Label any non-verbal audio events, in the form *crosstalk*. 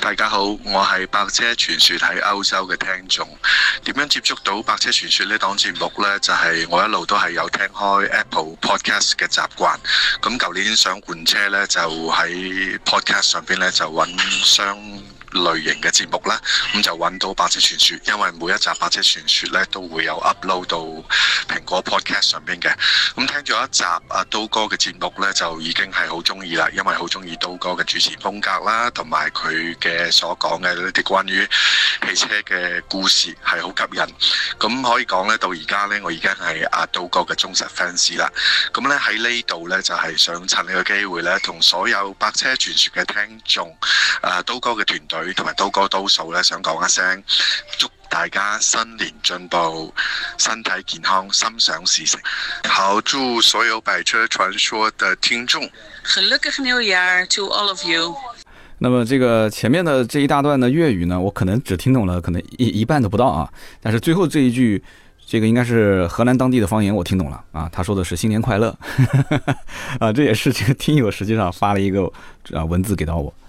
大家好，我係《百車全說》喺歐洲嘅聽眾，點樣接觸到《百車全說》呢檔節目呢？就係我一路都係有聽開 Apple Podcast 嘅習慣。咁舊年想換車呢，就喺 Podcast 上邊呢，就揾商。類型嘅節目啦，咁就揾到《百車全說》，因為每一集《百車全說》咧都會有 upload 到蘋果 podcast 上邊嘅。咁聽咗一集阿刀、啊、哥嘅節目咧，就已經係好中意啦，因為好中意刀哥嘅主持風格啦，同埋佢嘅所講嘅呢啲關於汽車嘅故事係好吸引。咁可以講呢，到而家呢，我已經係阿刀哥嘅忠實 fans 啦。咁咧喺呢度呢，就係、是、想趁呢個機會呢，同所有《百車全說》嘅聽眾、阿、啊、刀哥嘅團隊，同埋刀哥刀嫂咧，想講一聲，祝大家新年進步，身體健康，心想事成。好，祝所有《百車全說》的聽眾。那麼這個前面的這一大段的粵語呢，我可能只聽懂了可能一一半都不到啊。但是最後這一句，這個應該是河南當地的方言，我聽懂了啊。他說的是新年快樂 *laughs* 啊，這也是這個聽友實際上發了一個啊文字給到我。